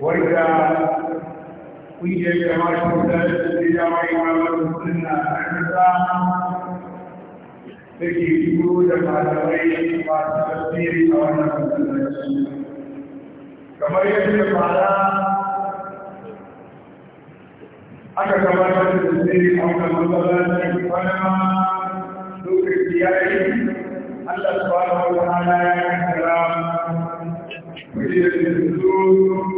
wadda kungiyar jama'a ta da jama'a imamar suna a ƙasa da ke turo da malamai masu tasiri a wannan masallaci kamar yadda fara aka gabatar da tasiri a wannan masallaci wani ma lokaci ya yi Allah subhanahu wa ta'ala ya kira wajen da su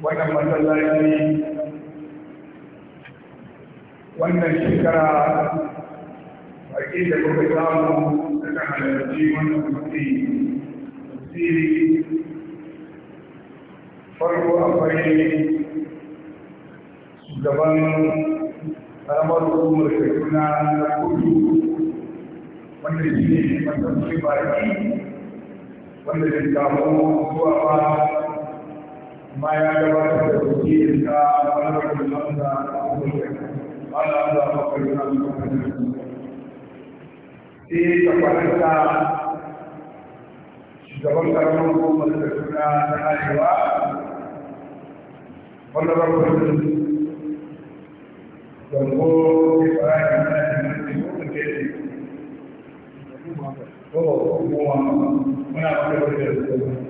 wannan masallaci wannan shekara baƙi da kuka samu daga halarci wannan kuɗi tasiri farko akwai shugaban ƙaramar hukumar kaduna na kudu wanda shi ne masarci baki wanda da samu zuwa ba ما يعتبر التوكيل كملك الحمد قال الله فقر في تفرقا shugaban karfin hukumar da suna ta arewa wanda ba ku da zango ibrahim na jami'ai da ke ne ko kuma muna maka da da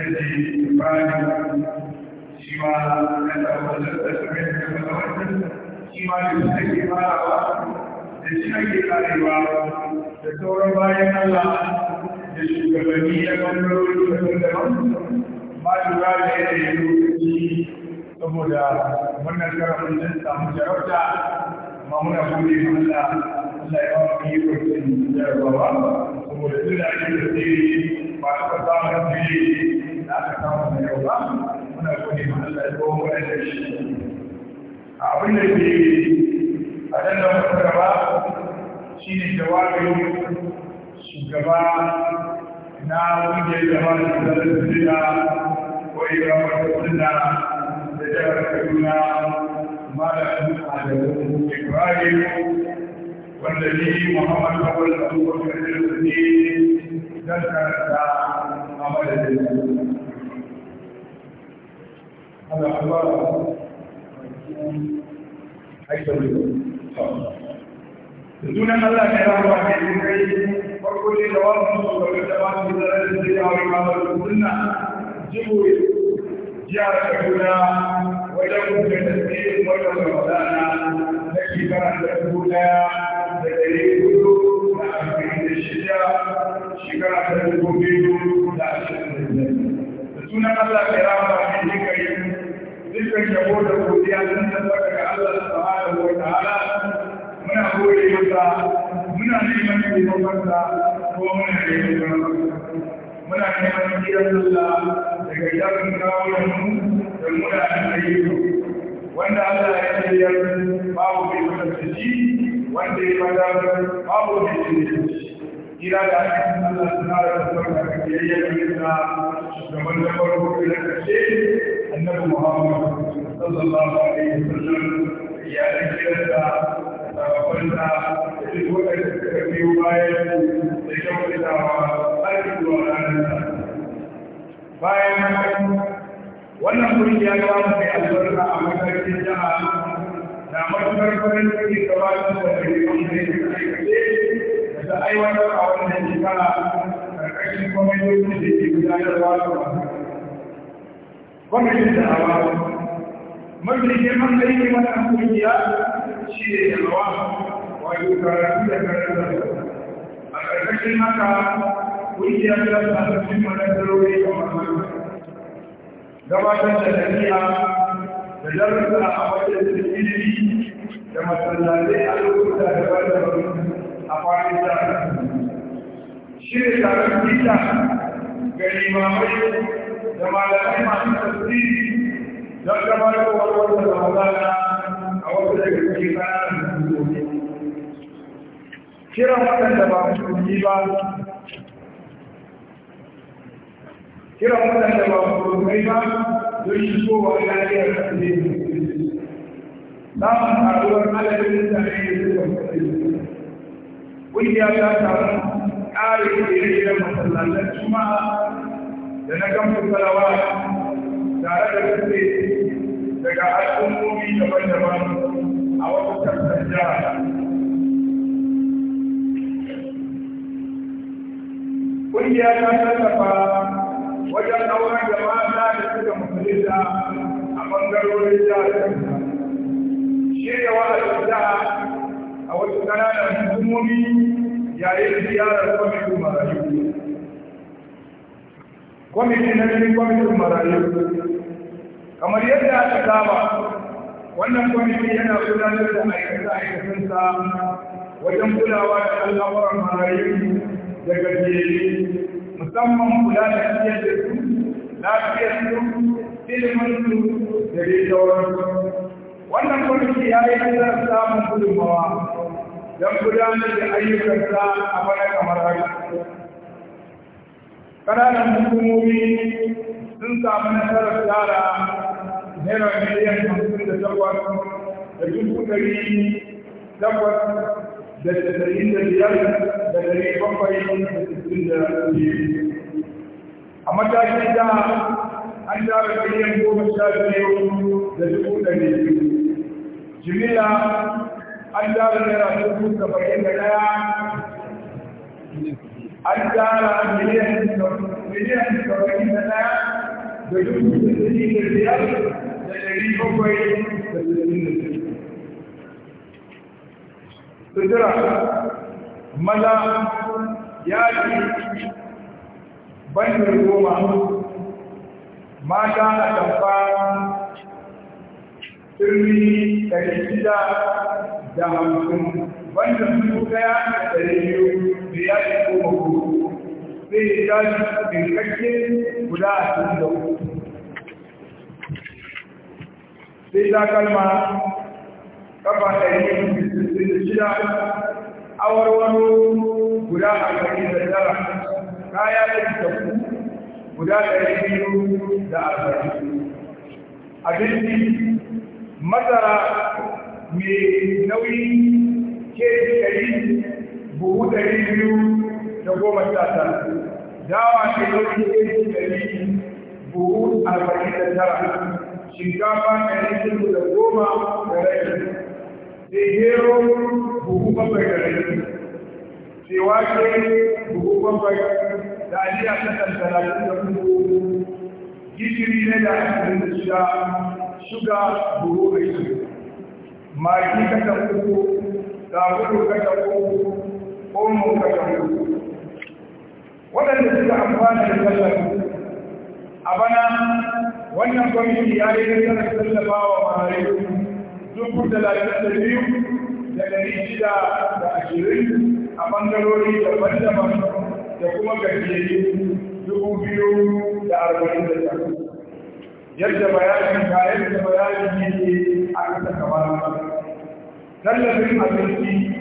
الذي يقال سوى نتوزد سمعت متوزد سوى يستجيب تشيء قريبا تطور باين الله لشغلني أمره لتنظرون ما يقال da da aka kama na yau ba muna gode ma Allah ya da shi a da ke a dan da muka gaba jawabin shugaba na kungiyar jama'a da zai ko ibrahim da sunna da jihar kaduna malamin adamu ibrahim wanda ne muhammad awal ne da karanta ذكر أمر الدين هذا عبارة أكثر من دون الله كلام واحد وكل جواب وكل جواب بدلالة الدعاء وعلى السنة جبوا جارتكنا ولكم كتسبيح ولكم مولانا لك فرح الأولى لدليل نعم في الشتاء شكرا لكم بيدو لا شكرا لله سنة الله كلام واحد dukkan yabo da godiya sun tabbata ga Allah subhanahu wa ta'ala muna gode masa muna neman taimakonsa ko muna neman taimakonsa muna neman gidan Allah daga yakin kawunan mu da muna da ayyuka wanda Allah ya tsayar babu mai mutunci wanda ya fada babu bai mai mutunci ila da aikin Allah suna da tabbata ga yayin da shugaban da farko da kashe النبي محمد صلى الله عليه وسلم يا رجلتا وقلتا للوقت في وباية لشوقتا وقلت وقلتا bayan wannan kuri ya kawo mai albarka a matakin jiha na matuƙar farin ciki gabatar da rikon da ya aikace da ta aiwatar a wannan shekara ƙarƙashin kwamitoci da ke gudanarwa da masu kwamitin da awa mafi girman aiki wannan kungiya shi ne da yalwa wato karatu da karatu a ƙarƙashin haka kungiya ta sasafin manazarori a makarar gabatar da tafiya da darussa a wajen ilimi da masallatai a lokuta da daban a faɗin jihar shi ne taron tita ga limamai da malamai masu tasiri don gabatarwar wata ramadana a wasu daga cikin ƙananan hukumomi kiran waɗanda ba musulmi ba kiran waɗanda ba musulmi ba don shigowa lafiyar asirin samun haɗuwar adadin mutane da suka musulmi ƙungiya ta samu ƙarin da ya yi masallatan juma'a da na gamsu salawa tare da kace daga al'ummomi daban-daban a wata tattar jihar ƙungiya ta tattafa wajen auren da mata da suka musulunta a ɓangarorin jihar shirya wa'azin jihar a wasu ƙananan hukumomi yayin ziyarar kwamitin marayu kwamiti na gani kwamitin marayu kamar yadda aka saba wannan kwamiti yana gudanar da aikace-aikacensa wajen kulawa da al'amuran marayu da gajiyayi musamman kula da lafiyar da su lafiyar su ilimin su da dai sauransu wannan kwamiti ya yi nasarar samun gudunmawa don gudanar da ayyukansa a bana kamar haka ƙananan hukumomi sun samu nasarar tsara naira miliyan hamsin da takwas da dubu ɗari takwas da tasa'in da biyar da ɗari bakwai da sittin da biyu a matakin da an tara miliyan goma sha biyu da dubu ɗari jimila an tara naira dubu saba'in da ɗaya agar milyar milyar kawan kita berjuang untuk negeri kita dan negeri kami dan negeri kita. Saudara, mala yang banyak rumah mata dan pan terlihat tidak dalam semua. Wanda dubu daya da ɗari biyu da ya ce goma hudu sai ya tashi dinkakke guda ashirin da hudu sai ta kalma kafa ɗari da shida awarwaro guda arba'in da tara kaya da tafi guda ɗari biyu da arba'in abinci masara mai nauyi ke ɗari buhu ɗari biyu da goma sha tara dawa ke ɗauki ɗari ɗari buhu arba'in da tara shinkafa ɗari biyu da goma da rai sai gero buhu bakwai da rai sai wake buhu bakwai da aliya ta talatin da hudu gishiri na da ashirin da shida shuga buhu ashirin magi kasan uku sabulu ka ko omo ka waɗanda suka amfana da tallafi, a bana wannan kwamiti ya yi nasarar tallafa wa marayu dubu talatin da biyu da ɗari shida da ashirin a ɓangarori daban-daban da kuma gajiyayyu dubu biyu da arba'in da takwas yadda bayanin kayan da bayanin yake aka saka tallafin abinci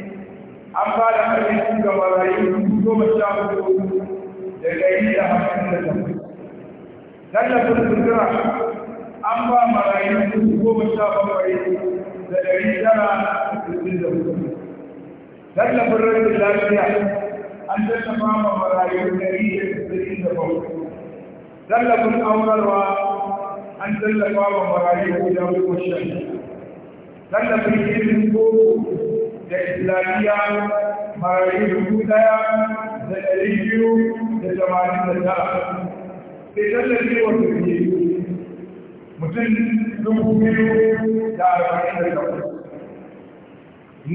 an ba da abinci ga marayu goma sha hudu da ɗari da hamsin da takwas tallafin sutura an ba marayu goma sha bakwai da ɗari tara da sittin da hudu tallafin rashin lafiya an tallafa ma marayu ɗari da sittin da bakwai tallafin aurarwa an tallafa ma marayu guda goma sha lallafin ilimin boko da islamiyya marayu dubu daya da ɗari biyu da tamanin da ta, sai tallafi wa turki mutum dubu biyu da arba'in da takwas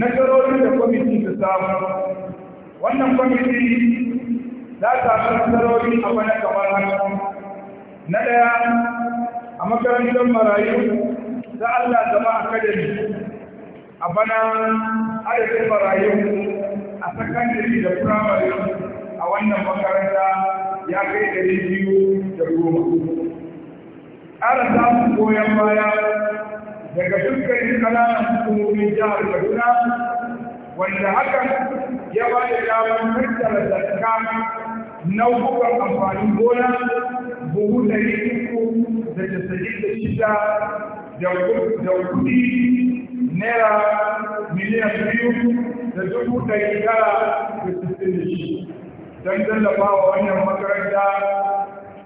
nasarorin da kwamiti ta samu wannan kwamiti za ta samu nasarori a wani kamar na ɗaya a makarantar marayu da Allah zama academy a bana adadin marayu a sakandare da firamare a wannan makaranta ya kai ɗari biyu da goma ƙara samun goyon baya daga dukkanin ƙananan hukumomin jihar kaduna wanda hakan ya ba da damar tattara zakka nau'ukan amfanin gona buhu da uku da casa'in da shida da kudi naira miliyan biyu da dubu ɗari tara da sittin da shi don tallafa wa wannan makaranta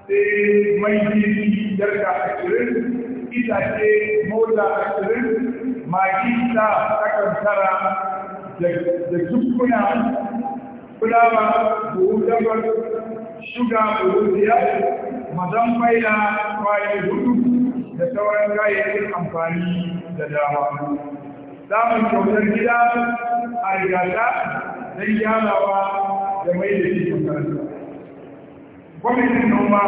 sai mai jiri yarda ashirin itace mota ashirin magi ta takan da tukuna fulawa buhu takwas shuga buhu biyar mazan faila kwaye hudu da sauran kayayyakin amfani da dama samun kyautar gida a rigata don gyarawa da mai da shi makaranta kwamitin noma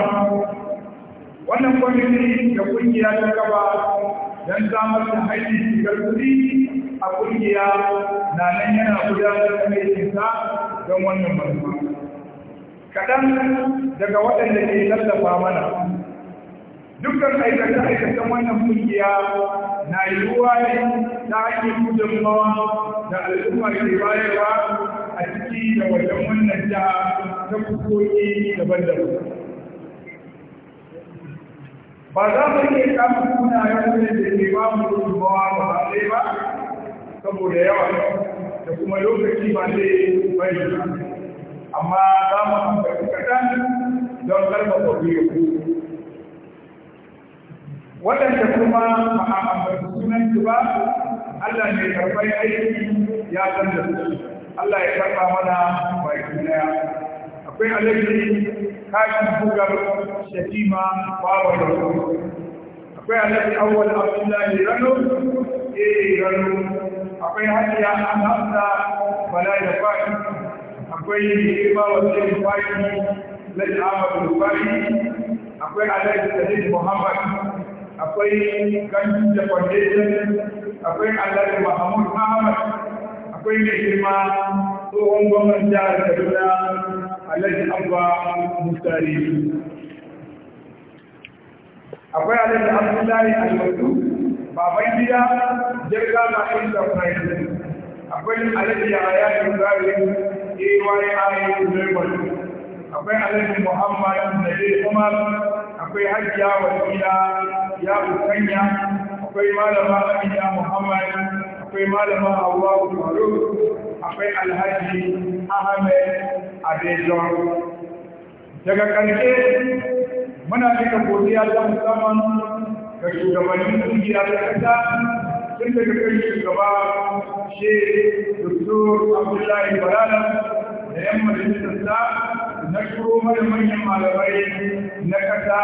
wannan kwamiti da ƙungiya ta kaba don samar da hanyar shigar kuɗi a ƙungiya na nan yana gudanar da aikinsa don wannan manufa kaɗan daga waɗanda ke tallafa mana dukkan aikata aikacen wannan kungiya na yiwuwa ne ta ake mawa da al'umma ke bayarwa a ciki da wajen wannan da ta kukoki daban-daban. Ba za mu iya samun kuna yanzu da ke ba mu mawa ba ba ba, saboda yawa da kuma lokaci ba ne bari Amma za mu amfani kaɗan don karfafa biyu. waɗanda kuma ba a ambaci sunan su ba Allah ne karɓar aiki ya san da su Allah ya karɓa mana baki daya akwai alaji kashi bugar shatima bawa da su akwai alaji awwal abdullahi rano eh rano akwai hadiya an hamsa bala da fashi akwai wa da fashi lal amadu fashi akwai alaji sadiq muhammad akwai kanjin da foundation akwai alhaji mahamud ahmad akwai mai girma tsohon gwamnan jihar kaduna alhaji abba musari akwai alhaji abdullahi alwadu baban gida jirga na enterprise akwai alhaji yaya ibrahim ayi zai akwai alhaji muhammad nabi umar akwai hajjiya wasila ya musanya akwai malama amina muhammad akwai malama hawa faru akwai alhaji a adejo daga ƙarshe muna cika godiya ta musamman ga shugabannin kungiya ta ƙasa tun daga kan shugaba shi dr abdullahi barana da yan majalisar na shiro mana manyan malamai na kasa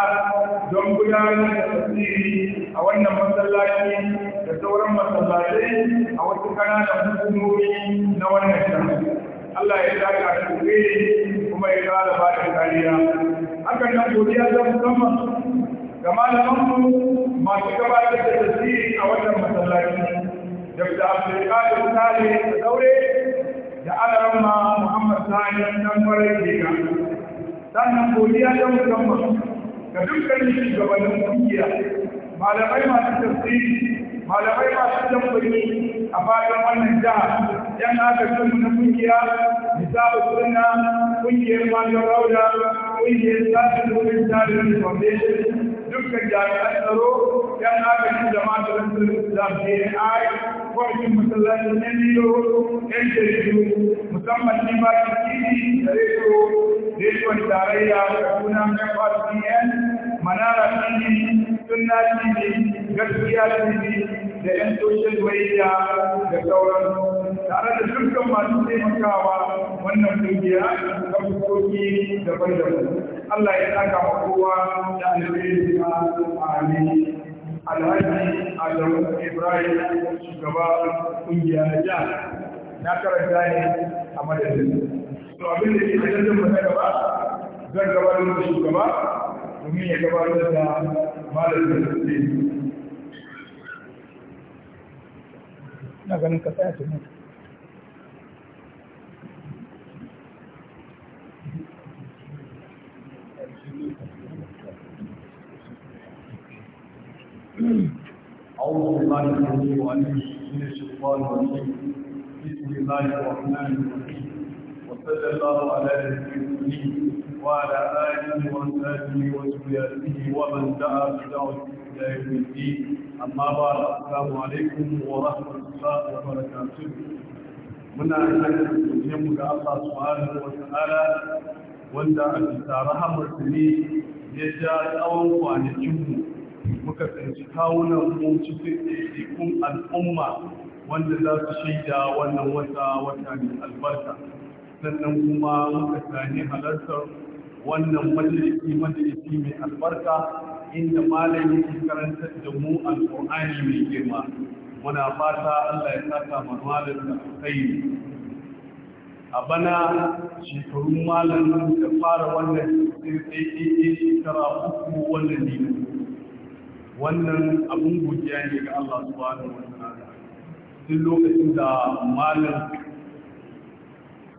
don gudanar da tasiri a wannan masallaci da sauran masallacai a wasu kananan hukumomi na wannan shahar Allah ya daga shugbe kuma ya kara ba da kariya hakan nan godiya ta musamman ga malamanmu masu gabatar da tasiri a wannan masallaci da Abdulkadir Sale da Daure da alaran ma Muhammad Sani dan kwarai ke ga sannan godiya ta musamman ga dukkanin shugabannin kungiya malamai masu tafsiri malamai masu tambayi a fadar wannan jiha yan agajin na kungiya misalu sunna kungiyar malam rauda kungiyar sashen wurin tarihin foundation dukkan jami'an tsaro yan agajin jama'a da da ai kwamitin masallacin yan liyo yan jaridu musamman ne ba limatin titi da rediyo rediyon tarayya da suna mfrcn manara tv sunna tv gaskiya tv da yan social media da sauran tare da dukkan masu taimakawa wannan kungiya ta fuskoki daban-daban Allah ya saka wa kowa da alheri a amin alhaji adamu ibrahim shugaba kungiya na ja na karanta ne a madadin to abin da yake da ba zan gabatar da shugaba domin ya gabatar da malar da suke na ganin ka tsaya tuni أعوذ بالله من الشيطان الرجيم بسم الله الرحمن الرحيم وصلى الله على نبينا وعلى آله وصحبه amma ومن دعا بدعوته إلى يوم الدين أما بعد السلام عليكم ورحمة الله وبركاته muna da mu ga Allah subhanahu wa ta'ala wanda a bisa rahamar ne ya ja tsawon kwanakin mu muka tsinci kawunan mu cikin ɗaiɗaikun al'umma wanda za su shaida wannan wata wata mai albarka sannan kuma muka sani halartar wannan majalisi majalisi mai albarka inda malam yake karantar da mu alƙur'ani mai girma muna fata Allah ya saka mu malam da alkhairi a bana shekarun malam da fara wannan tsirtsai shekara uku wannan ne wannan abun godiya ne ga Allah subhanahu wa ta'ala duk lokacin da malam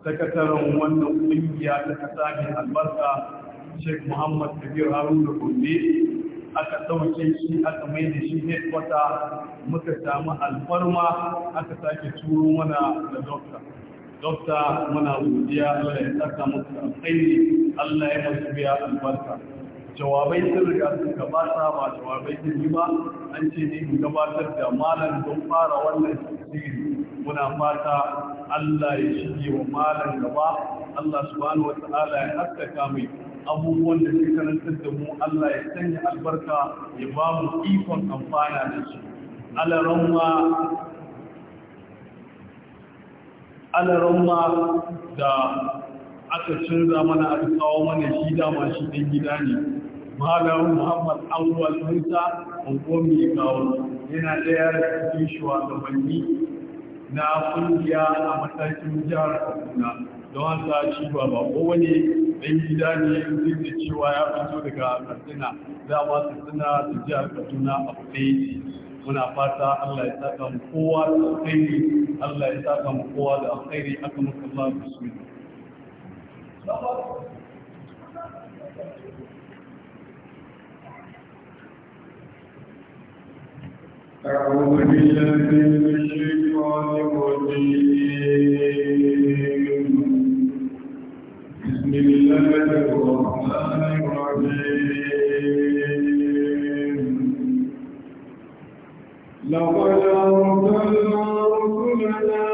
sakataren wannan kungiya ta kasa mai albarka sheikh muhammad kabir haruna gombe aka ɗauke shi aka mai da shi headquarter muka samu alfarma aka sake turo mana da dokta dokta muna godiya allah ya saka musu alkhairi allah ya masu biya albarka jawabai sun riga sun gabata ba jawabai sun yi ba an ce ne gabatar da malam don fara wannan tasiri muna fata Allah ya shige wa malam gaba Allah subhanahu wata'ala ya haskaka mai abubuwan da suka karantar da mu Allah ya sanya albarka ya ba mu ikon amfana da shi alaramma da aka canza mana aka kawo mana shi dama shi ɗan gida ne malamin muhammad awwal musa unguwar mai kawo yana ɗaya da cikin banni. na kungiya a matakin jihar kaduna don haka shi ba ba wani ɗan gida ne duk da cewa ya fito daga katsina za a katsina da jihar kaduna a ɗaya muna fata allah ya saka mu kowa da alkhairi allah ya saka mu kowa da alkhairi aka ba su bismillah أعوذ بالله من الشيطان الرجيم بسم الله الرحمن الرحيم لقد أرسلنا رسلنا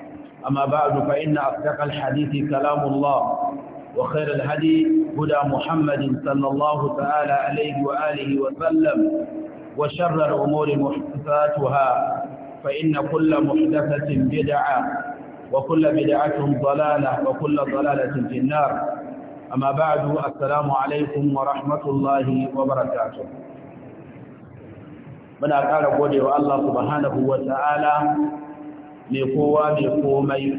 أما بعد فإن أصدق الحديث كلام الله وخير الهدي هدى محمد صلى الله تعالى عليه وآله وسلم وشر الأمور محدثاتها فإن كل محدثة بدعة وكل بدعة ضلالة وكل ضلالة في النار أما بعد السلام عليكم ورحمة الله وبركاته من أقال وجه الله سبحانه وتعالى mai kowa mai komai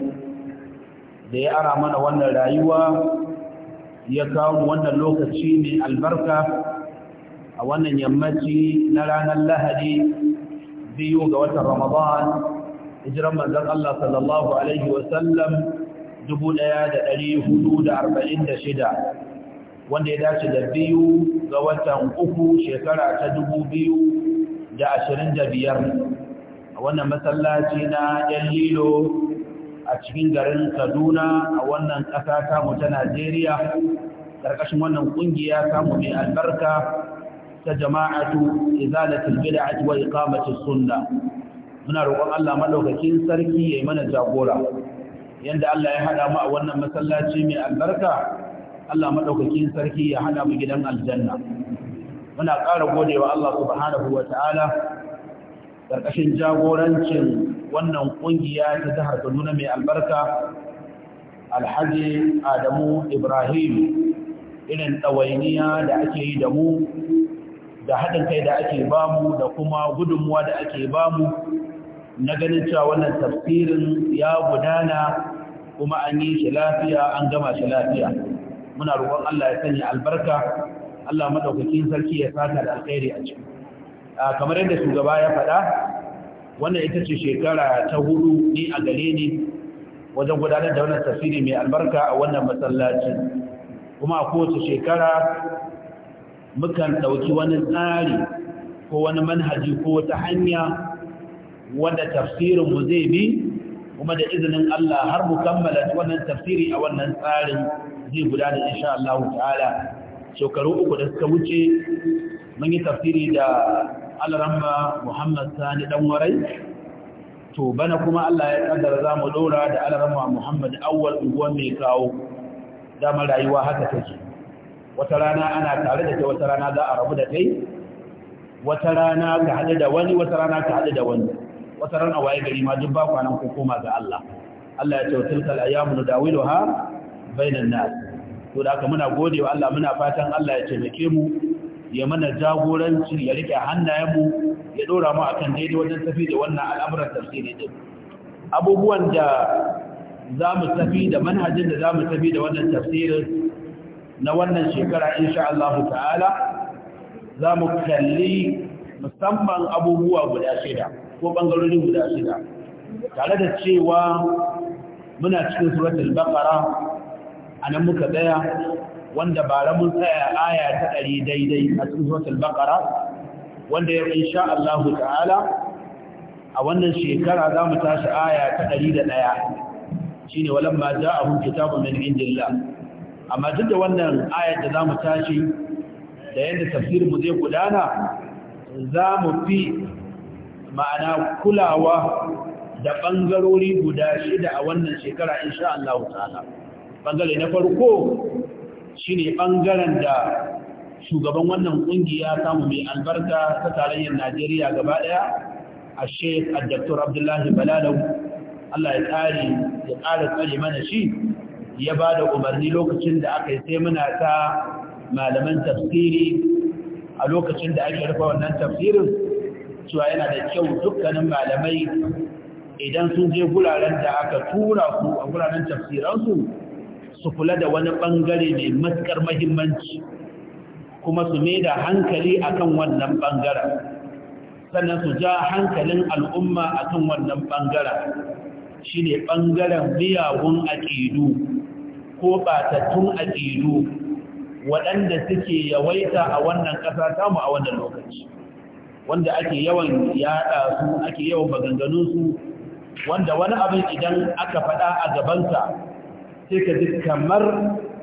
da ya ara mana wannan rayuwa ya kawo wannan lokaci mai albarka a wannan yammaci na ranar lahadi biyu ga watan ramadan hijiran manzon Allah sallallahu alaihi wasallam 1446 wanda ya dace da biyu ga watan uku shekara ta 2025 wannan masallaci na yan lilo a cikin garin kaduna a wannan ƙasa tamu ta najeriya ƙarƙashin wannan ƙungiya tamu mai albarka ta jama'atu izalatul bid'ah wa iqamatus sunna muna roƙon Allah madaukakin sarki yayi mana jagora yanda Allah ya hada mu a wannan masallaci mai albarka Allah madaukakin sarki ya hada mu gidan aljanna muna ƙara godewa Allah subhanahu wataala ƙarƙashin jagorancin wannan ƙungiya ta jihar Kaduna mai albarka Alhaji Adamu Ibrahim irin ɗawainiya da ake yi da mu da haɗin kai da ake bamu da kuma gudunmuwa da ake bamu na ganin cewa wannan tafsirin ya gudana kuma an yi shi lafiya an gama shi lafiya muna roƙon Allah ya sanya albarka Allah madaukakin sarki ya saka da alkhairi a ciki Ah, kamar yadda shugaba ya faɗa wannan ita ce shekara ta hudu ni a gare ni wajen gudanar da wannan tafsiri mai albarka a wannan masallaci kuma a kowace shekara mukan ɗauki wani tsari ko wani manhaji ko wata hanya wanda tafsirinmu zai bi kuma da izinin Allah har mu kammala wannan tafsiri a wannan tsarin zai gudana insha Allah ta'ala shekaru uku da suka wuce mun yi tafsiri da alaramba Muhammad Sani warai, to bana kuma Allah ya kaddara za mu dora da alaramba Muhammad Awwal unguwan mai kawo damar rayuwa haka take. Wata rana ana tare da kai wata rana za a rabu da kai, wata rana ka haɗu da wani wata rana ka haɗu da wani, wata rana waye gari ma duk ba kwanan ku koma ga Allah. Allah ya ce wa tilkal ayyamu dawiluha bainan nas. To da haka muna gode wa Allah muna fatan Allah ya taimake mu ya mana jagoranci ya rike hannayenmu ya dora mu akan daidai wajen tafi da wannan al'amuran tafsiri din abubuwan da za mu tafi da manhajin da za mu tafi da wannan tafsirin na wannan shekara insha Allah ta'ala za mu kalli musamman abubuwa guda shida ko bangarori guda shida tare da cewa muna cikin suratul baqara anan muka tsaya wanda ba ramun tsaya aya ta ɗari daidai a cikin bakara wanda ya insha Allah ta'ala a wannan shekara za mu tashi aya ta ɗari da ɗaya shine walamma ja'ahum kitabun min indillah amma duk da wannan ayar da za mu tashi da yadda tafsirin mu zai gudana za mu fi ma'ana kulawa da ɓangarori guda shida a wannan shekara insha Allah ta'ala ɓangare na farko ne ɓangaren da shugaban wannan ƙungiya samu mai albarka ta tarayyar Najeriya gaba ɗaya? a Sheikh Adjaktor Abdullahi Balalau Allah ya tsari ya ƙara tsari mana shi ya ba da umarni lokacin da aka yi sai muna ta malaman tafsiri a lokacin da ake rufe wannan tafsirin cewa yana da kyau dukkanin malamai idan sun je guraren da aka tura su a guraren tafsiransu su kula da wani ɓangare mai matukar mahimmanci kuma su mai da hankali akan wannan ɓangaren sannan su ja hankalin al'umma akan wannan ɓangaren shine ne ɓangaren miyagun aƙidu ko ɓatattun aƙidu waɗanda suke yawaita a wannan ƙasa tamu a wannan lokaci wanda ake yawan yaɗa su ake yawan maganganunsu wanda wani abin idan aka faɗa a gabansa sai ka ji kamar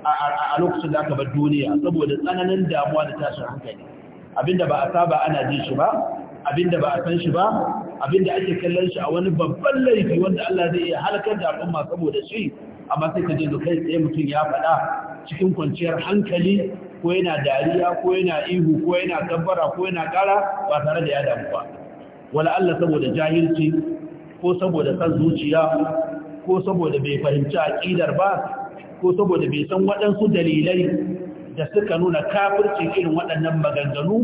a lokacin da aka bar duniya saboda tsananin damuwa da tashin hankali abinda ba a saba ana jin shi ba abinda ba a san shi ba abinda ake kallon shi a wani babban laifi wanda Allah zai iya halakar da al'umma saboda shi amma sai ka je da kai tsaye mutum ya faɗa cikin kwanciyar hankali ko yana dariya ko yana ihu ko yana gabbara ko yana kara ba tare da ya damu ba wala Allah saboda jahilci ko saboda san zuciya ko saboda bai fahimci aƙidar ba ko saboda bai san waɗansu dalilai da suka nuna kafircin irin waɗannan maganganu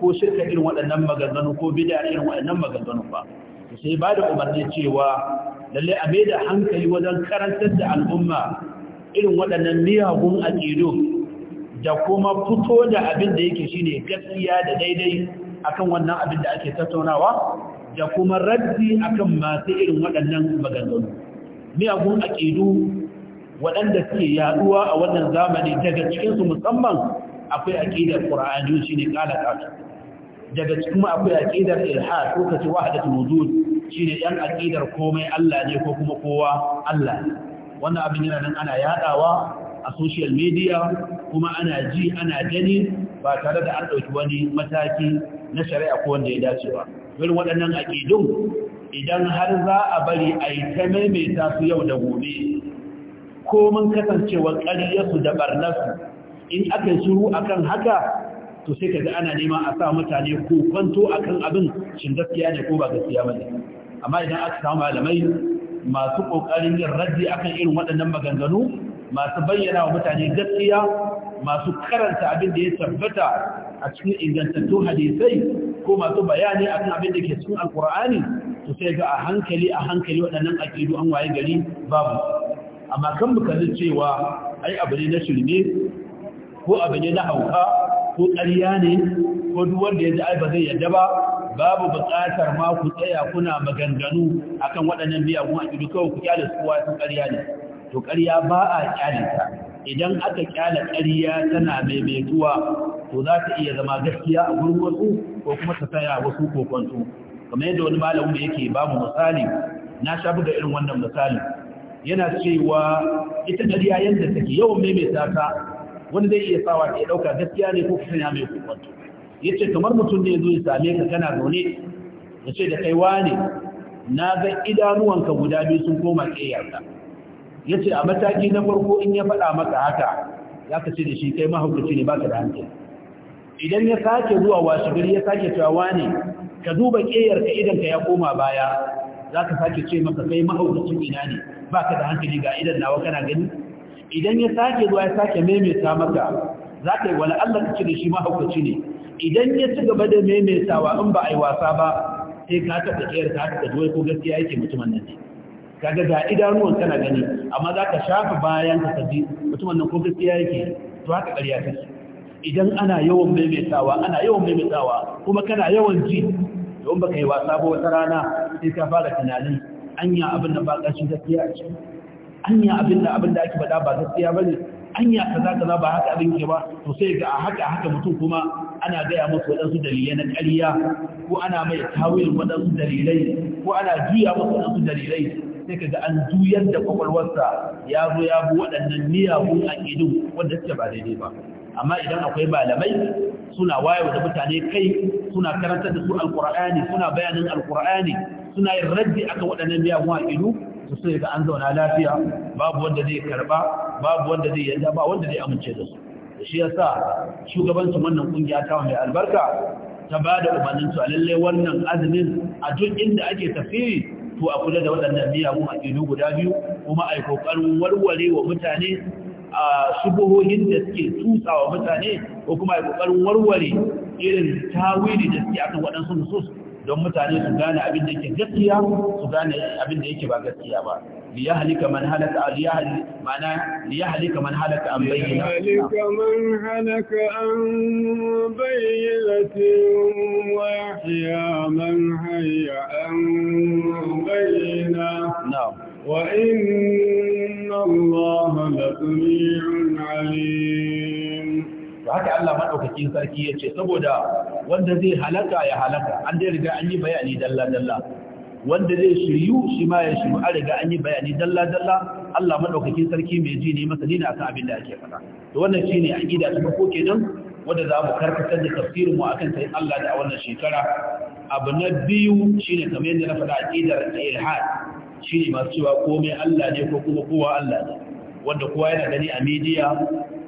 ko shirka irin waɗannan maganganu ko bida irin waɗannan maganganu ba sai ba da umarni cewa lalle a mai da hankali wajen karantar da al'umma irin waɗannan miyagun aƙido da kuma fito da abin da yake shine gaskiya da daidai akan wannan abin da ake tattaunawa da kuma raddi akan masu irin waɗannan maganganu miyagun aƙidu waɗanda suke yaɗuwa a wannan zamani daga cikinsu musamman akwai aƙidar ƙura'ani shi ne ƙala ƙasa daga cikin akwai aƙidar ilha ko kace wahadatul shi ne yan aƙidar komai Allah ne ko kuma kowa Allah ne wannan abin yana nan ana yaɗawa a social media kuma ana ji ana gani ba tare da an ɗauki wani mataki na shari'a ko wanda ya dace ba irin waɗannan aƙidun idan har za a bari a yi ta maimaita su yau da gobe ko mun kasancewa ƙaryarsu da barnarsu in aka shiru akan haka to sai ga ana nema a sa mutane ko kwanto akan abin shin gaskiya ne ko ba gaskiya ba ne amma idan aka samu malamai masu ƙoƙarin yin raddi akan irin waɗannan maganganu masu bayyana wa mutane gaskiya masu karanta abin da ya tabbata a cikin ingantattun hadisai ko masu bayani akan abin da ke cikin alkur'ani to sai ga a hankali a hankali waɗannan aƙidu an waye gari babu amma kan bukatar cewa ai abu ne na shirme ko abu ne na hauka ko ƙarya ne ko duk wanda ya ji ai ba zai yadda ba babu buƙatar ma ku tsaya kuna maganganu akan waɗannan miyagun aƙidu kawai ku kyale su kowa sun ƙarya ne to ƙarya ba a kyale ta idan aka kyale ƙarya tana maimaituwa to za ta iya zama gaskiya a gurin wasu ko kuma ta tsaya wasu kokonto kamar yadda wani malamin da yake ba mu misali na sha buga irin wannan misali yana cewa ita dariya yadda take yawan maimaita ta wani zai iya sawa ta ya ɗauka gaskiya ne ko kusa mai kwanto ya ce kamar mutum ne zo ya same ka kana zaune ya ce da kai wane na ga idanuwanka guda biyu sun koma ƙeyarka ya ce a mataki na farko in ya faɗa maka haka ya ka ce da shi kai mahaukaci ne baka da hankali idan ya sake zuwa washe gari ya sake cewa wane ka duba ƙeyarka ka idan ka ya koma baya za ka sake ce maka kai mahaukacin ina ne ba ka da hankali ga idan nawa kana gani idan ya sake zuwa ya sake maimaita maka za ka yi wani allah ka cire shi mahaukaci ne idan ya ci gaba da maimaitawa in ba a yi wasa ba sai ka taɓa ƙeyar ka haka zuwa ko gaskiya yake mutumin nan ne kaga ga idanuwan kana gani amma za ka shafa bayan ka kaji mutumin nan ko gaskiya yake to haka ƙarya take idan ana yawan maimaitawa ana yawan maimaitawa kuma kana yawan ji don baka yi wasa ba wata rana sai ka fara tunanin anya abin da ba ƙarshen gaskiya a ciki anya abin da abin da ake faɗa ba gaskiya ba ne anya kaza kaza ba haka abin ke ba to sai ga haka haka mutum kuma ana gaya musu waɗansu dalilai na ƙarya ko ana mai tawil waɗansu dalilai ko ana juya musu waɗansu dalilai sai ka ga an juyar da kwakwalwarsa ya zo ya bi waɗannan miyagun aƙidun wanda suke ba daidai ba amma idan akwai malamai suna wayewa da mutane kai suna karantar da su alkur'ani suna bayanin alkur'ani suna yin raddi akan waɗannan miyagun aƙidu su sai ga an zauna lafiya babu wanda zai karɓa, babu wanda zai yarda ba wanda zai amince da su da shi yasa shugabancin wannan kungiya ta mai albarka ta ba da umarnin su a lallai wannan azumin a duk inda ake tafiri to a kula da waɗannan miyagun aƙidu guda biyu kuma a yi ƙoƙarin warware wa mutane A shubuhohin da suke tutsawa mutane ko kuma ya kokarin warware irin tawili da suke akan waɗansu nusus don mutane su gane abin da yake gaskiya su gane abin da yake ba gaskiya ba liya halika man halaka liya mana liya halika man halaka an bayyana halika man halaka an bayyinatin wa yahya man hayya an bayyana na'am wa in الله لسميع عليم to haka Allah madaukakin sarki yace saboda wanda zai halaka ya halaka an dai riga an yi bayani dalla dalla wanda zai shiryu shi ma ya shiryu an riga an yi bayani dalla dalla Allah madaukakin sarki mai ji ne masani ne akan abin da ake faɗa to wannan shine aqida ta farko kenan wanda za mu karkatar da tafsirin mu akan sai Allah da wannan shekara abu na biyu shine kamar yadda na faɗa aqidar ilhad shi ne masu cewa komai Allah ne ko kuma kowa Allah ne wanda kowa yana gani a midiya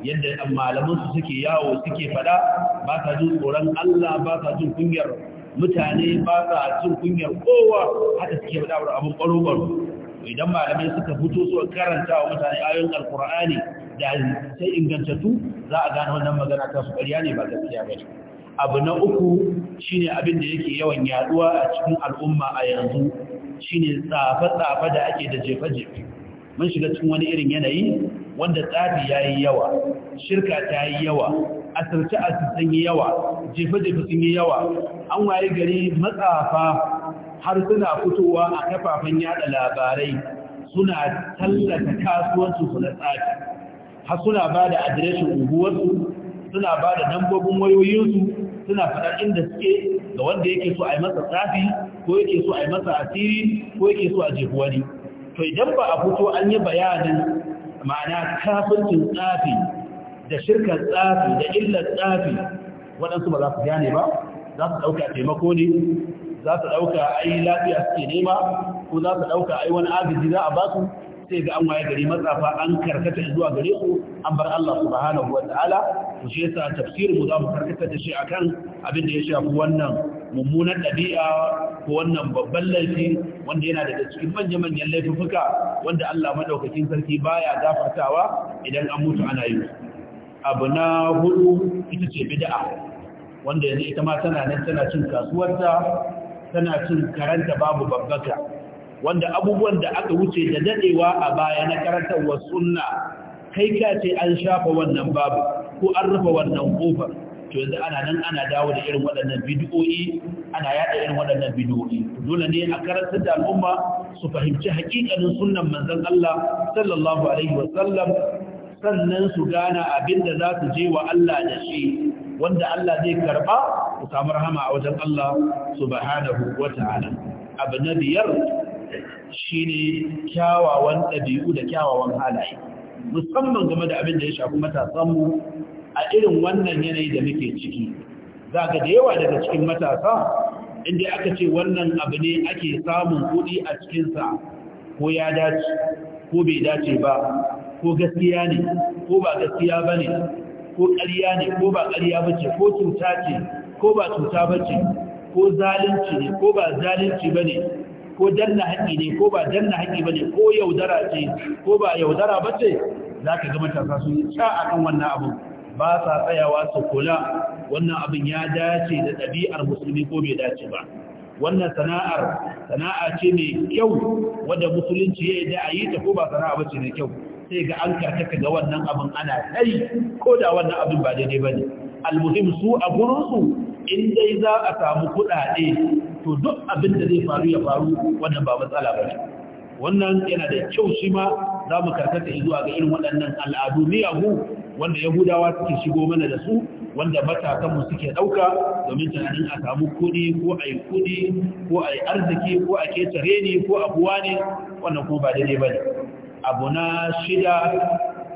yadda malamansu suke yawo suke fada ba ka jin tsoron Allah ba ka jin kunyar mutane ba ka jin kunyar kowa haka suke fada wa abin ƙwaro-ƙwaro. idan malamai suka fito su karanta wa mutane ayoyin alkur'ani da sai ingantattu za a gane wannan magana ta su ƙarya ne ba gaskiya ba ne abu na uku shine abin da yake yawan yaduwa a cikin al'umma a yanzu shine tsafa-tsafa da ake da jefa-jefa mun shiga cikin wani irin yanayi wanda tsafi yayi yawa shirka ta yi yawa asirce asircen yi yawa jefa-jefa sun yi yawa an waye gari matsafa har suna fitowa a kafafen yada labarai suna tallata kasuwancinsu na tsafi har suna ba da adireshin unguwarsu suna ba da nambobin wayoyinsu suna faɗar inda suke ga wanda yake so a yi masa tsafi ko yake so a yi masa asiri ko yake so a jefi wani to idan ba a fito an yi bayanin ma'ana kafin tsafi da shirkar tsafi da illar tsafi waɗansu ba za su gane ba za su ɗauka taimako ne za su ɗauka yi lafiya suke nema ko za su ɗauka ai wani agaji za a ba su sai ga an waye gari matsafa an karkata zuwa gare su an bar Allah subhanahu wa ta'ala Ku shi yasa tafsirin mu za mu karkata da shi akan abin da ya shafi wannan mummunan ɗabi'a ko wannan babban laifi wanda yana daga cikin manya-manyan laifuka wanda Allah madaukakin sarki baya gafartawa idan an mutu ana yi abu na hudu ita ce bid'a wanda yanzu ita ma tana nan tana cin kasuwarta tana cin karanta babu babbaka wanda abubuwan da aka wuce da dadewa a baya na karantarwar sunna kai ka ce an shafa wannan babu ko an rufe wannan kofar to yanzu ana nan ana dawo da irin waɗannan bid'o'i ana yada irin waɗannan bid'o'i dole ne a karantar da al'umma su fahimci haƙiƙanin sunnan manzon Allah sallallahu alaihi wa sallam sannan su gana abinda za su je wa Allah da shi wanda Allah zai karba ku samu rahama a wajen Allah subhanahu wata'ala abu na biyar shine kyawawan ɗabi'u da kyawawan halaye musamman game da abin da ya shafi matasanmu a irin wannan yanayi da muke ciki za ga da yawa daga cikin matasa inda aka ce wannan abu ne ake samun kuɗi a cikinsa ko ya dace ko bai dace ba ko gaskiya ne ko ba gaskiya ba ne ko ƙarya ne ko ba ƙarya ba ce ko cuta ce ko ba cuta ba ce ko zalunci ne ko ba zalunci ba ne ko danna haƙƙi ne ko ba danna haƙi ba ne ko yaudara ce ko ba yaudara ba ce za ka ga matasa su sha a kan wannan abin. ba sa tsayawa su kula wannan abin ya dace da ɗabi'ar musulmi ko bai dace ba wannan sana'ar sana'a ce mai kyau wadda musulunci ya yi da a yi ta ko ba sana'a ba ce mai kyau sai ga an karkata ga wannan abin ana tsayi ko da wannan abin ba daidai ba ne almuhim su a gurinsu in dai za a samu kuɗaɗe to duk abin da zai faru ya faru wannan ba matsala ba wannan yana da kyau shi ma za mu karkata zuwa ga irin waɗannan al'adu miyagu wanda yahudawa suke shigo mana da su wanda matakanmu suke ɗauka domin tunanin a samu kuɗi ko a yi kuɗi ko a yi arziki ko a ketare ne ko buwa ne wannan kuma ba daidai ba ne abu na shida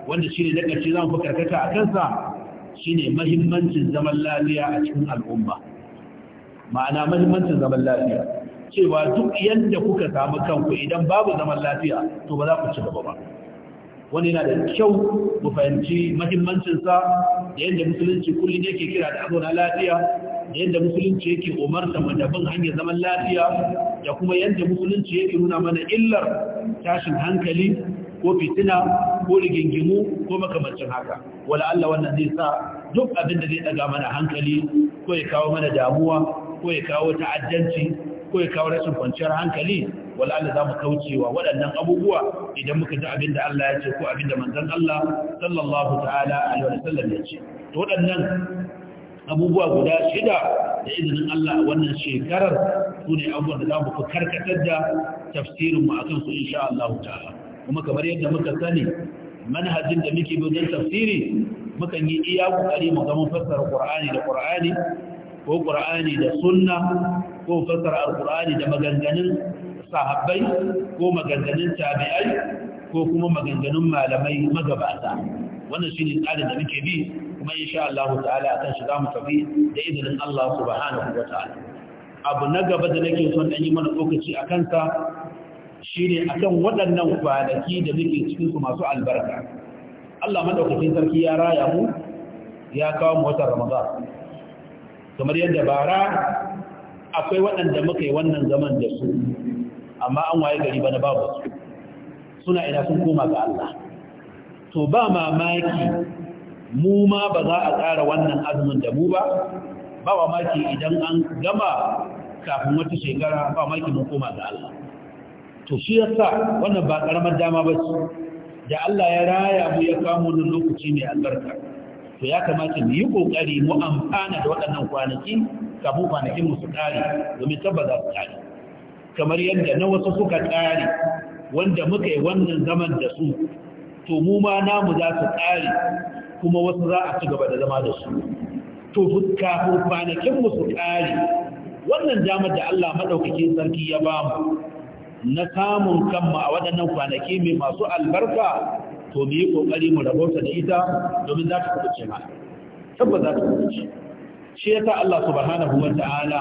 wanda shi ne na ƙarshe za mu fi karkata a kansa shine mahimmancin zaman lafiya a cikin al'umma ma'ana mahimmancin zaman lafiya cewa duk yadda kuka samu kanku idan babu zaman lafiya to ba za ku ci gaba ba wani yana da kyau mu fahimci mahimmancinsa da yadda musulunci kullum yake kira da abu na lafiya da yadda musulunci yake umarta mu da bin hanyar zaman lafiya da kuma yadda musulunci yake nuna mana illar tashin hankali ko fitina ko rigingimu ko makamancin haka wala Allah wannan zai sa duk abin da zai daga mana hankali ko ya kawo mana damuwa ko ya kawo ta'addanci ko ya kawo rashin kwanciyar hankali wala Allah za mu kaucewa waɗannan abubuwa idan muka ji abin da Allah ya ce ko abin da manzon Allah sallallahu ta'ala alaihi wa sallam ya ce to waɗannan abubuwa guda shida da izinin Allah wannan shekarar su ne abubuwan da za mu fi karkatar da tafsirinmu a kansu insha Allah ta'ala kuma kamar yadda muka sani manhajin da muke don tafsiri mukan yi iya kokari mu zama fassara qur'ani da qur'ani ko qur'ani da sunna ko fassara alqur'ani da maganganun sahabbai ko maganganun tabi'ai ko kuma maganganun malamai magabata wannan shine tsarin da muke bi kuma insha Allah ta'ala akan shi zamu tafi da izinin Allah subhanahu wa ta'ala abu na gaba da nake son dan yi mana lokaci akan kansa. ne a akan waɗannan kwanaki da muke cikin su masu albarka Allah madaukakin sarki ya raya mu ya kawo mu watan Ramadan kamar yadda bara akwai waɗanda muka yi wannan zaman da su amma an waye gari bana babu su suna ina sun koma ga Allah to ba mamaki mu ma ba za a tsara wannan azumin da mu ba ba mamaki idan an gama kafin wata shekara ba mamaki mun koma ga Allah to shi yasa wannan ba karamar dama ba ce da Allah ya raya mu ya kamo nan lokaci mai albarka to ya kamata mu yi kokari mu amfana da waɗannan kwanaki kafin kwanakin mu su ƙare domin za su ƙare kamar yadda na wasu suka ƙare wanda muka yi wannan zaman da su to mu ma namu za su ƙare kuma wasu za a ci gaba da zama da su to kafin kwanakin mu su ƙare wannan damar da Allah madaukakin sarki ya ba mu na samun kanmu a waɗannan kwanaki mai masu albarka to mu yi ƙoƙari mu rabauta da ita domin za ta kubuce ma tabbas za ta kubuce shi Allah subhanahu wa ta'ala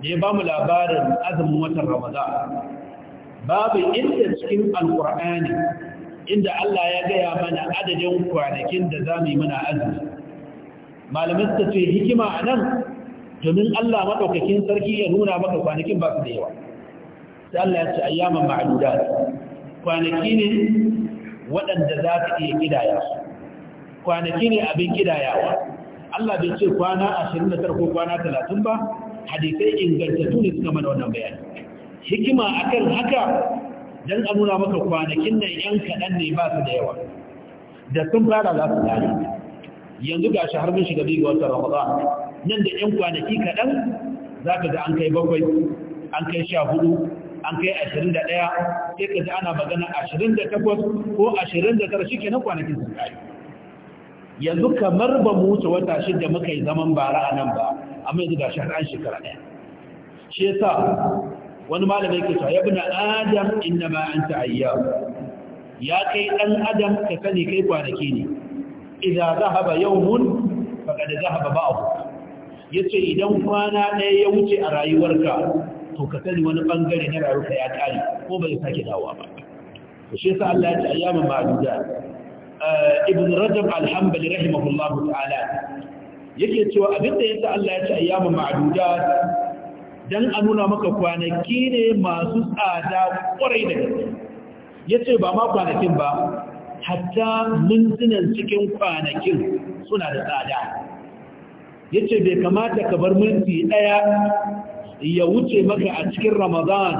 ne ba mu labarin azumin watan Ramadan babu inda cikin Alƙur'ani, inda Allah ya gaya mana adadin kwanakin da za mu yi muna azumi malamin ta ce hikima anan domin Allah madaukakin sarki ya nuna maka kwanakin ba su da yawa sai Allah ya ce ayyaman ma'adudat kwanaki ne waɗanda za ka iya kidaya su kwanaki ne abin kidayawa Allah bai ce kwana 29 ko kwana 30 ba hadisai ingantattu ne suka mana wannan bayani hikima akan haka dan a nuna maka kwanakin nan yan kaɗan ne ba su da yawa da sun fara za su dare yanzu ga shi har mun shiga biyu ga watan ramadan nan da yan kwanaki kaɗan za ka ga an kai bakwai an kai sha hudu an kai 21 sai ka ji ana magana 28 ko 29 shike na kwanakin sun kai yanzu kamar ba mu wuce wata shida muka yi zaman bara a nan ba amma yanzu ga har an shekara ɗaya shi yasa wani malamai ke cewa yabna adam inna ma anta ayyam ya kai dan adam ka sani kai kwanaki ne idza zahaba yawmun faqad zahaba Ya yace idan kwana ɗaya ya wuce a rayuwarka to ka sani wani bangare na rayuwarka ya kare ko bai sake dawowa ba shi yasa Allah ya ce ayyaman ma'aduda? Eh, ibn rajab alhambali hanbali rahimahullah ta'ala yake cewa abin da yasa Allah ya ce ayyaman ma'duda dan a nuna maka kwanaki ne masu tsada kwarai da gaske yace ba ma kwanakin ba hatta mintunan cikin kwanakin suna da tsada yace bai kamata ka bar minti daya ya wuce maka a cikin ramadan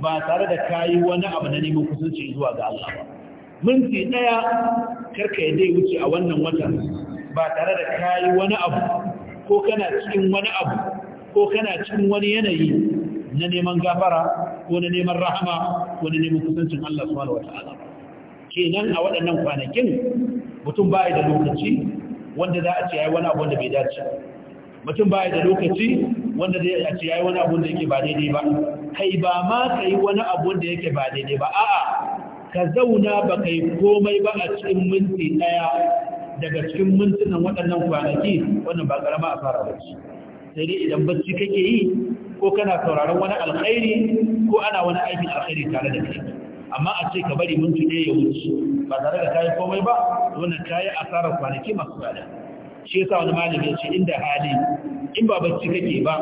ba tare da kayi wani abu na neman kusurci zuwa ga Allah ba minti daya karka ya dai wuce a wannan watan ba tare da kayi wani abu ko kana cikin wani abu ko kana cikin wani yanayi na neman gafara ko na neman rahama ko na neman kusancin Allah subhanahu wata'ala kenan a waɗannan kwanakin mutum ba da lokaci wanda za a ce yayi wani abu wanda bai dace mutum baya da lokaci wanda zai a ce yayi wani abun da yake ba daidai ba kai ba ma kai wani abun da yake ba daidai ba a'a ka zauna ba kai komai ba a cikin minti daya daga cikin mintunan waɗannan kwanaki wannan ba karama a fara bacci sai dai idan bacci kake yi ko kana sauraron wani alkhairi ko ana wani aikin alkhairi tare da kai amma a ce ka bari minti ɗaya ya wuce ba tare da kayi komai ba wannan yi asarar kwanaki masu tsada shi yasa wani malami ya ce inda hali in ba bacci kake ba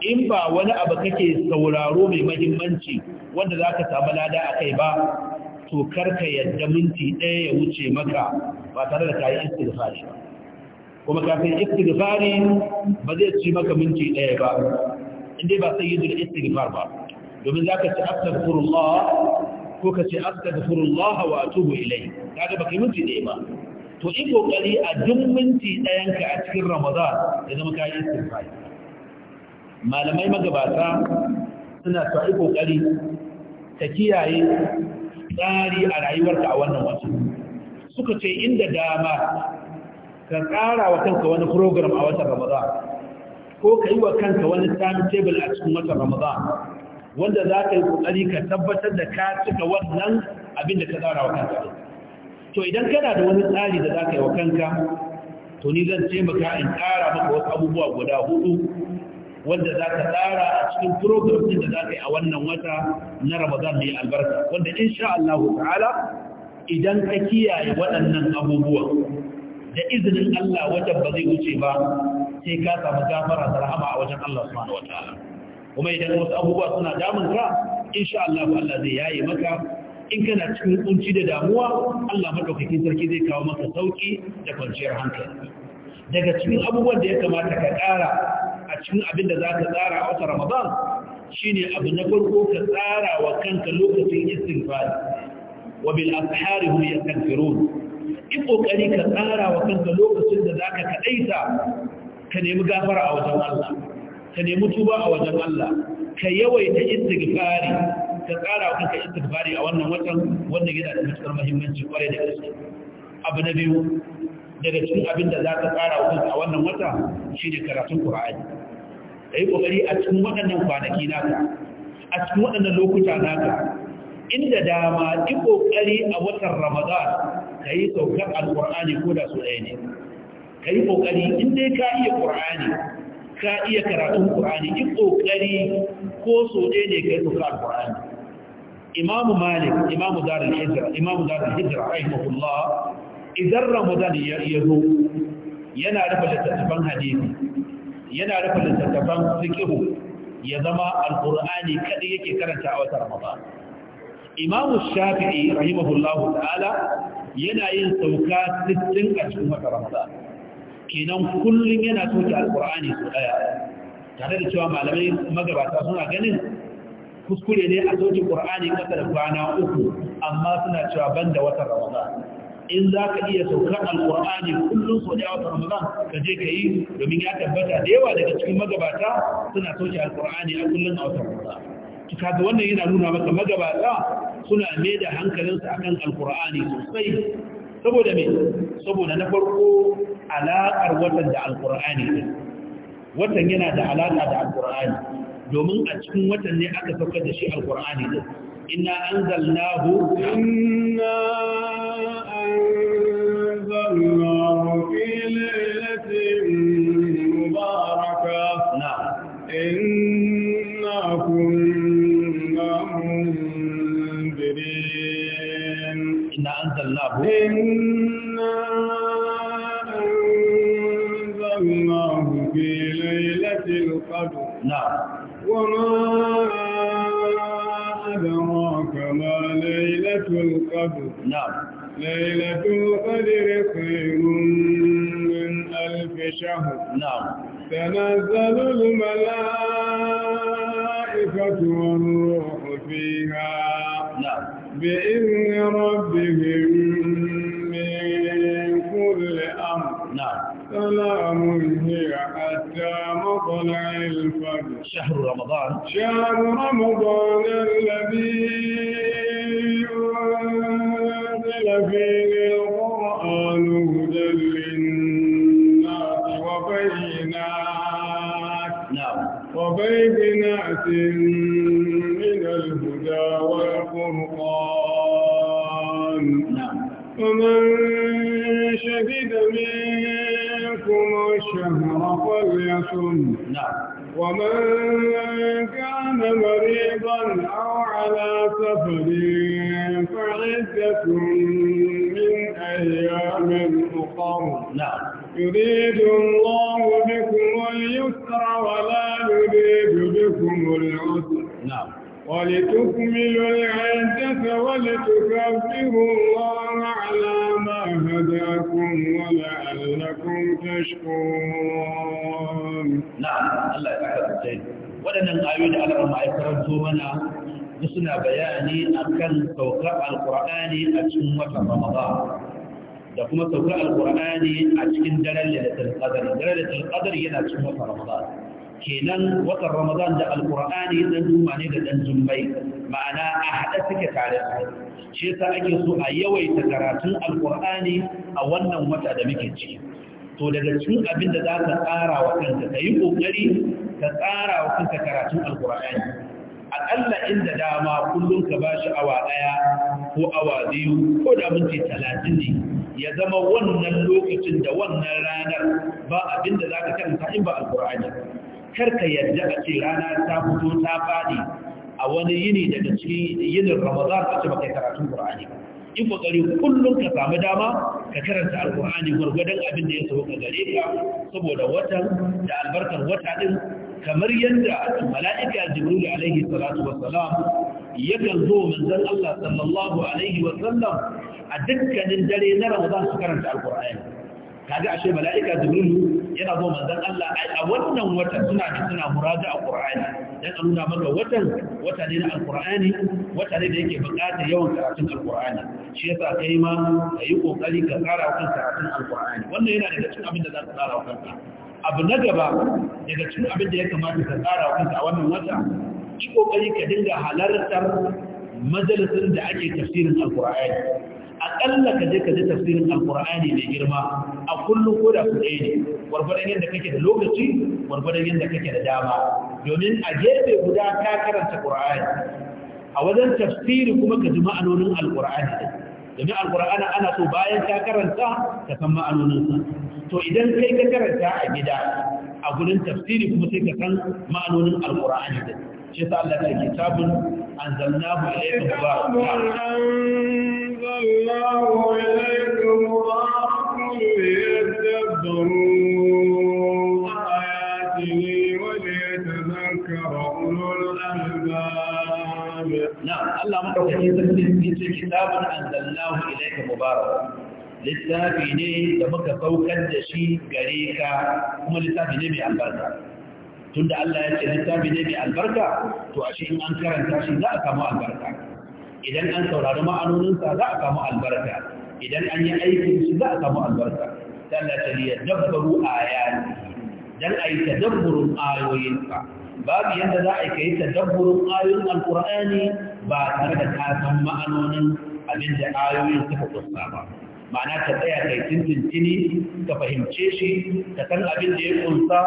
in ba wani abu kake sauraro mai mahimmanci wanda za ka samu lada a kai ba to karka yadda minti ɗaya ya wuce maka ba tare da kayi istighfari ba kuma kafin istighfari ba zai ci maka minti ɗaya ba inda ba sai yidul istighfar ba domin za ka ce astaghfirullah ko ka ce astaghfirullah wa atubu ilayhi kaga baka minti ɗaya ba to yi kokari a duk minti ɗayanka a cikin ramadan ya zama kayi istirfai malamai magabata suna to yi kokari ka kiyaye tsari a rayuwarka a wannan wasu. suka ce inda dama ka tsara wa kanka wani program a watan ramadan ko ka yi wa kanka wani timetable a cikin watan ramadan wanda za ka yi kokari ka tabbatar da ka cika wannan abin da ka tsara wa kanka to idan kana da wani tsari da za ka yi wa kanka to ni zan taimaka in tsara maka wasu abubuwa guda hudu wanda za ka tsara a cikin program din da za ka yi a wannan wata na ramadan mai albarka wanda insha Allah ta'ala idan ka kiyaye waɗannan abubuwa da izinin Allah wata ba zai wuce ba sai ka samu gafara da rahama a wajen Allah subhanahu wataala kuma idan wasu abubuwa suna damun ka insha Allah Allah zai yaye maka in kana cikin kunci da damuwa Allah madaukakin sarki zai kawo maka sauki da kwanciyar hankali daga cikin abubuwan da ya kamata ka tsara a cikin abin da za ka tsara a wata ramadan shine abu na farko ka tsara wa kanka lokacin istighfar wa bil ashari hum yastaghfirun in kokari ka tsara wa kanka lokacin da zaka kadaita ka nemi gafara a wajen Allah ka nemi tuba a wajen Allah ka yawaita istighfari ka tsara wa kanka istighfari a wannan watan wanda yana da matukar muhimmanci kware da gaske abu na biyu daga cikin abin da za ka tsara wa kanka a wannan wata shine karatun Qur'ani kai kokari a cikin waɗannan kwanaki naka a cikin waɗannan lokuta naka inda dama ki kokari a watan Ramadan kai saukar Al-Qur'ani ko da su ɗaya ne kai kokari in dai ka iya Qur'ani ka iya karatun Qur'ani in ƙoƙari ko so ɗaya ne kai kuka Qur'ani Imam Malik Imam Darul Hijra idan Ramadan ya yazo yana rufe littattafan hadisi yana rufe littattafan fikihu ya zama Alƙur'ani kada yake karanta a watan Ramadan Imam Shafi'i rahimahullah ta'ala yana yin sauka 60 a cikin watan Ramadan kenan kullum yana soke alkur'ani su daya tare da cewa malamai magabata suna ganin kuskure ne a soke qur'ani kasa da kwana uku amma suna cewa banda watan ramadan in za ka iya saukar alkur'ani kullum sau da watan ramadan ka je ka yi domin ya tabbata da yawa daga cikin magabata suna soke alkur'ani a kullum a watan ramadan kaga wannan yana nuna maka magabata suna mai da hankalinsu akan alkur'ani sosai saboda saboda na farko alaƙar watan da alƙur'ani ne watan yana da alaƙa da alƙur'ani domin a cikin watan ne aka saukar da shi alƙur'ani ne Ina anzalnahu inna إنا أنزلناه في ليلة القدر نعم وما أدراك ما ليلة القدر نعم ليلة القدر خير من ألف شهر نعم تنزل الملائكة والروح فيها نعم بإذن طلع الفجر شهر رمضان شهر رمضان الذي يشكون نعم الله يبارك فيك waɗannan ayoyi da Allah ma karanto mana suna bayani akan saukar alqur'ani a cikin watan ramadan da kuma saukar alqur'ani a cikin daren lailatul qadr yana cikin watan kenan watan ramadan da alkur'ani dan juma ne da dan jummai ma'ana a haɗa suke tare shi yasa ake so a yawaita karatun alkur'ani a wannan wata da muke ciki to daga cikin abin da za ka tsara wa kanka ka yi ƙoƙari ka tsara wa kanka karatun alƙur'ani aƙalla inda dama kullum ka ba shi awa ɗaya ko awa biyu ko da minti talatin ne ya zama wannan lokacin da wannan ranar ba abin da za ka karanta in ba alƙur'ani kar ka yarda a ce rana ta fito ta faɗi a wani yini daga cikin yinin ramadan a ce ba kai karatun ƙur'ani ba yi kokari kullum ka samu dama ka karanta alkur'ani gwargwadon abin da ya sauka gare ka saboda watan da albarkar wata din kamar yadda mala'ika jibril alaihi salatu wassalam yakan zo manzon Allah sallallahu alaihi wasallam a dukkanin dare na Ramadan su karanta alkur'ani kaga ashe mala'ika jibrilu yana zo manzon Allah a wannan watan suna da suna muraja a Qur'ani dan a nuna maka watan wata ne na Al-Qur'ani wata ne da yake bukatar yawan karatun Al-Qur'ani shi yasa kai ma ka yi ƙoƙari ka tsara kan karatun al wannan yana daga cikin abin da za ka tsara wa kanka abu na gaba daga cikin abin da ya kamata ka tsara wa kanka a wannan wata yi ƙoƙari ka dinga halartar majalisin da ake tafsirin al aƙalla ka je ka je tafsirin alƙur'ani mai girma a kullum ko da ku ɗaya ne gwargwadon yadda kake da lokaci gwargwadon yadda kake da dama domin a gefe guda ka karanta ƙur'ani a wajen tafsiri kuma ka ji ma'anonin alƙur'ani domin alƙur'ani ana so bayan ka karanta ka san ma'anoninsa to idan kai ka karanta a gida a gurin tafsiri kuma sai ka san ma'anonin alƙur'ani ne shi sa Allah ta kitabun anzalnahu ilayka mubarak الله إليك مبارك ليتدبروا آياته وليتذكر أولو الألباب نعم الله ما تقول كتاب أنزلناه إليك مبارك littafi ne da muka saukar da shi gare ka kuma littafi ne mai albarka tunda Allah ya ce littafi ne mai albarka to ashe in an karanta shi za a samu albarka idan an saurari ma'anoninsa za a samu albarka idan an yi aikin shi za a samu albarka tallata ne ya dabbaru a don a yi tadabburin ayoyinsa babu yadda za a yi tadabburin ayoyin alkur'ani ba tare da kasan ma'anonin abin da ayoyin suka kusa ba ma'ana ka tsaya kai tintintini ka fahimce shi ka san abin da ya kunsa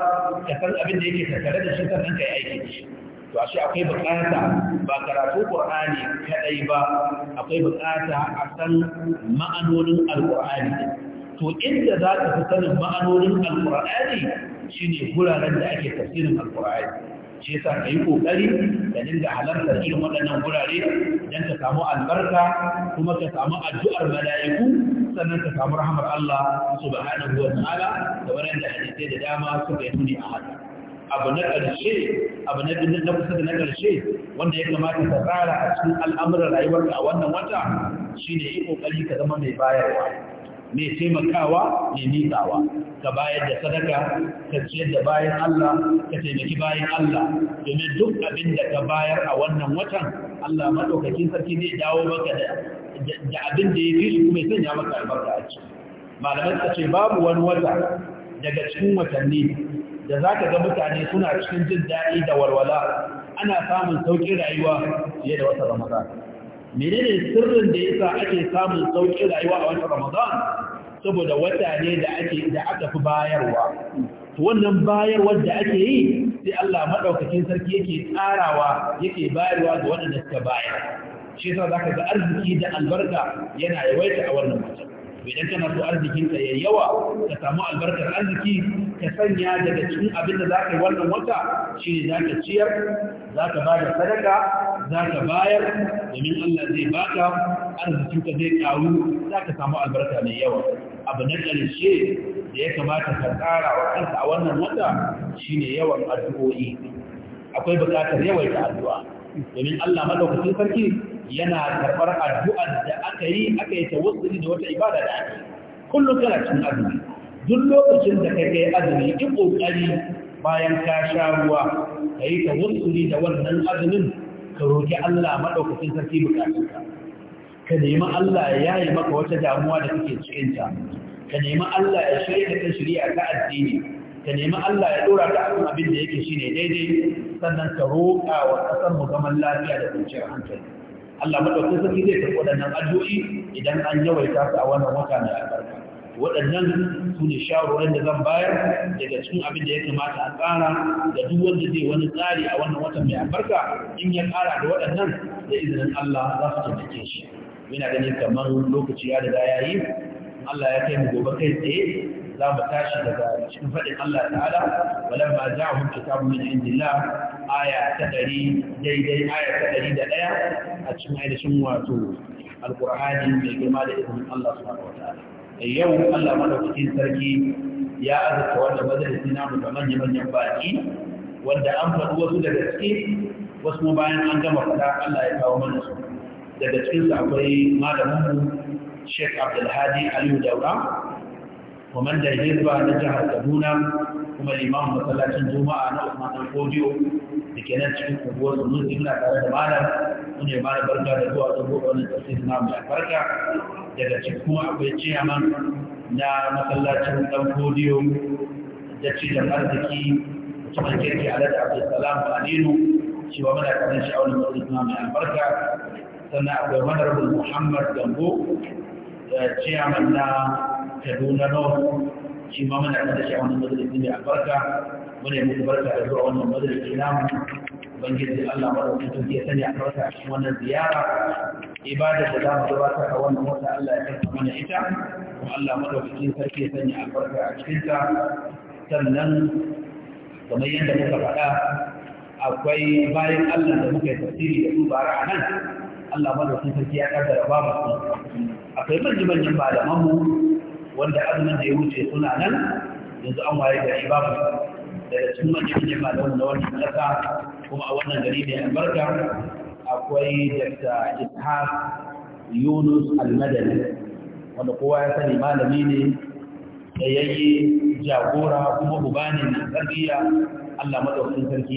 ka san abin da yake tattare da shi sannan ka yi aiki da shi to ashe akwai bukata ba karatu qur'ani kadai ba akwai bukata a san ma'anonin alqur'ani to inda za ka fi sanin ma'anonin alqur'ani shine guraren da ake tafsirin alqur'ani shi yasa ka yi kokari ka dinga halartar irin waɗannan wurare don ka samu albarka kuma ka samu addu'ar mala'iku sannan ka samu rahamar Allah subhanahu wa ta'ala da waɗanda hadisai da dama suka yi tuni a haka abu na ƙarshe abu na na kusa da na ƙarshe wanda ya kamata ka tsara a cikin al'amuran rayuwarka a wannan wata shi ne yi ƙoƙari ka zama mai bayarwa mai taimakawa mai miƙawa ka bayar da sadaka ka ciyar da bayan Allah ka taimaki bayan Allah domin duk abin da ka bayar a wannan watan Allah maɗaukakin sarki zai dawo maka da abin da ya fi shi kuma ya sanya maka albarka a ciki malamai ka ce babu wani wata daga cikin watanni da za ka ga mutane suna cikin jin daɗi da walwala ana samun sauƙin rayuwa fiye da wata ramadan menene sirrin da yasa ake samun sauƙin rayuwa a wata ramadan saboda wata ne da ake da aka fi bayarwa wannan bayarwar da ake yi sai Allah madaukakin sarki yake tsarawa yake bayarwa ga waɗanda suka bayar shi yasa zaka ga arziki da albarka yana yawaita a wannan mutum idan kana so arzikin ya yawa ka samu albarkar arziki ka sanya daga cikin abin da za ka yi wannan wata shi ne za ka ciyar za ka ba da sadaka za ka bayar domin Allah zai baka arzikin ka zai kawo za ka samu albarka mai yawa abu na ƙarshe da ya kamata ka tsara wa kanka a wannan wata shi ne yawan addu'o'i akwai buƙatar yawaita addu'a domin Allah madaukakin sarki yana karɓar addu'ar da aka yi aka yi tawassuli da wata ibada da ake kullum kana cin azumi duk lokacin da kai kai azumi in kokari bayan ka sha ruwa ka yi tawassuli da wannan azumin ka roki Allah maɗaukacin sarki bukatunka ka nemi Allah ya yayi maka wata damuwa da kake cikin ta ka nemi Allah ya shirya da shirya ta addini ka nemi Allah ya dora ka akan abin da yake shine daidai sannan ka roƙa wa ƙasar mu zaman lafiya da kwanciyar hankali Allah madaukakin sarki zai tafi waɗannan addu'o'i idan an yawaita su a wannan wata mai albarka waɗannan su ne shawarwarin da zan bayar daga cikin abin da ya kamata a tsara da duk wanda zai wani tsari a wannan watan mai albarka in ya kara da waɗannan da izinin Allah za su taimake shi muna ganin kamar lokaci ya da ya yi Allah ya kai mu gobe kai tsaye za mu tashi daga cikin faɗin Allah ta'ala walan ma ja'ahum kitabun min indillah aya ta daidai aya ta ɗari da ɗaya a cikin ainihin wato alƙur'ani mai girma da izinin Allah subhanahu wa ta'ala eh, yau Allah madaukakin sarki ya azurta wannan majalisi namu da manya-manyan baki wanda an faɗi wasu daga ciki, wasu bayan an gama faɗa, Allah ya kawo mana su daga cikinsu akwai malaminmu Sheikh Abdulhadi Aliyu Daura kwaman da hizba na jihar kaduna kuma limamin masallacin juma'a na usman dan da ke cikin unguwar sunusi muna tare da malam mun yi malam barka da zuwa don buɗe wani tafsir daga cikin kuma akwai ciyaman na masallacin dan kodiyo da ci da arziki mutumin kirki alhaji abdulsalam aminu shi ba muna kanin shi a wani mai albarka sannan akwai muhammad gambo ciyaman na kaduna north shi ma mana da shi a wannan majalisi ne albarka muna muku barka da zuwa wannan majalisi namu ubangiji Allah madaukakin sarki ya sani albarka a cikin wannan ziyara ibada da za mu gabatar a wannan wata Allah ya karfa mana ita kuma Allah madaukakin sarki ya sani albarka a cikin ta sannan kamar yadda muka faɗa akwai bayan Allah da muka yi tafsiri da duba a nan Allah madaukakin sarki ya kaddara babu mu. akwai manyan manyan malaman mu wanda azumin da ya wuce suna nan yanzu an waye gari babu daga cikin manyan jama'a da wannan ƙasa kuma a wannan gari mai albarka akwai dr ishaq yunus almadani wanda kowa ya sani malami ne tsayayye jagora kuma ubani na tsarkiya allah madaukakin sarki